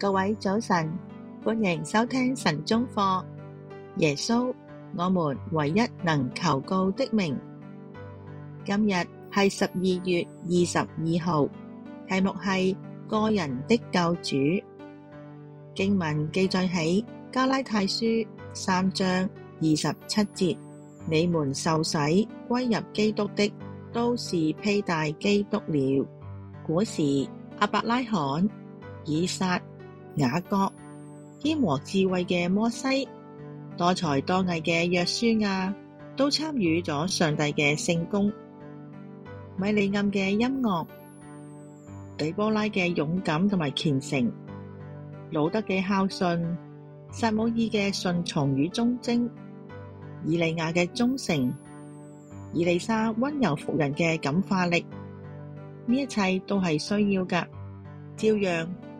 各位早晨，歡迎收聽晨鐘課。耶穌，我們唯一能求告的名。今日係十二月二十二號，題目係個人的救主。經文記載喺加拉太書三章二十七節：你們受洗歸入基督的，都是披戴基督了。古時阿伯拉罕、以撒，雅各謙和智慧嘅摩西，多才多藝嘅約書亞，都參與咗上帝嘅聖工。米利暗嘅音樂，底波拉嘅勇敢同埋虔誠，路得嘅孝順，撒母耳嘅順從與忠貞，以利亞嘅忠誠，以利沙温柔服人嘅感化力，呢一切都係需要㗎，照樣。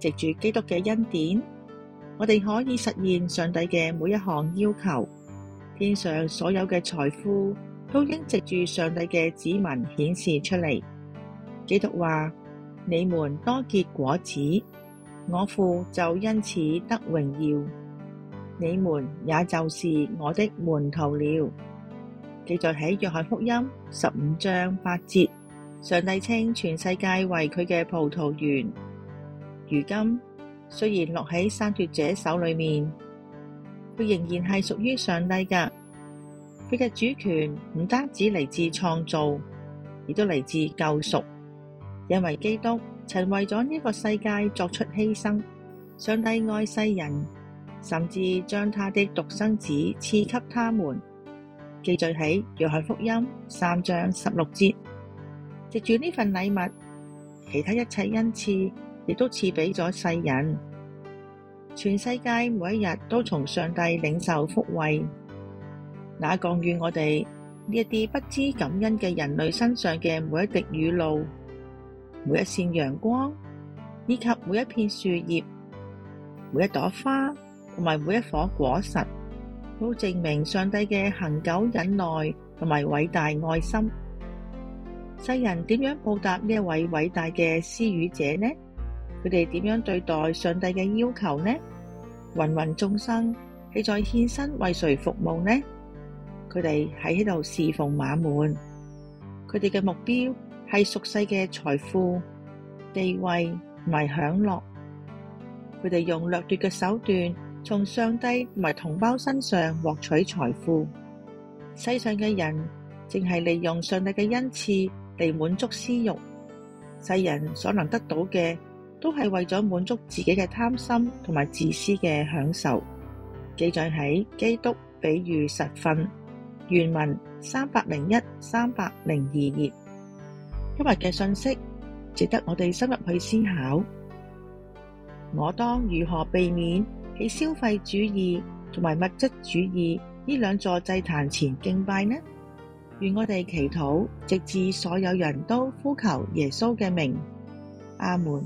藉住基督嘅恩典，我哋可以實現上帝嘅每一項要求。天上所有嘅財富都應藉住上帝嘅指紋顯示出嚟。基督話：你們多結果子，我父就因此得榮耀。你們也就是我的門徒了。記載喺約翰福音十五章八節，上帝稱全世界為佢嘅葡萄園。如今雖然落喺篡奪者手裏面，佢仍然係屬於上帝噶。佢嘅主權唔單止嚟自創造，亦都嚟自救贖。因為基督曾為咗呢個世界作出犧牲，上帝愛世人，甚至將他的獨生子賜給他們，記敘起約翰福音三章十六節。藉住呢份禮物，其他一切恩賜。亦都賜俾咗世人，全世界每一日都從上帝領受福惠。那降於我哋呢一啲不知感恩嘅人類身上嘅每一滴雨露、每一線陽光，以及每一片樹葉、每一朵花同埋每一顆果實，都證明上帝嘅恒久忍耐同埋偉大愛心。世人點樣報答呢一位偉大嘅施予者呢？佢哋點樣對待上帝嘅要求呢？芸芸眾生係在獻身為誰服務呢？佢哋喺度侍奉瑪門，佢哋嘅目標係俗世嘅財富地位同埋享樂。佢哋用掠奪嘅手段從上帝同埋同胞身上獲取財富。世上嘅人淨係利用上帝嘅恩賜嚟滿足私慾，世人所能得到嘅，都係為咗滿足自己嘅貪心同埋自私嘅享受。記載喺《基督比喻實訓》原文三百零一、三百零二頁。今日嘅信息值得我哋深入去思考。我當如何避免喺消費主義同埋物質主義呢兩座祭壇前敬拜呢？願我哋祈禱，直至所有人都呼求耶穌嘅名。阿門。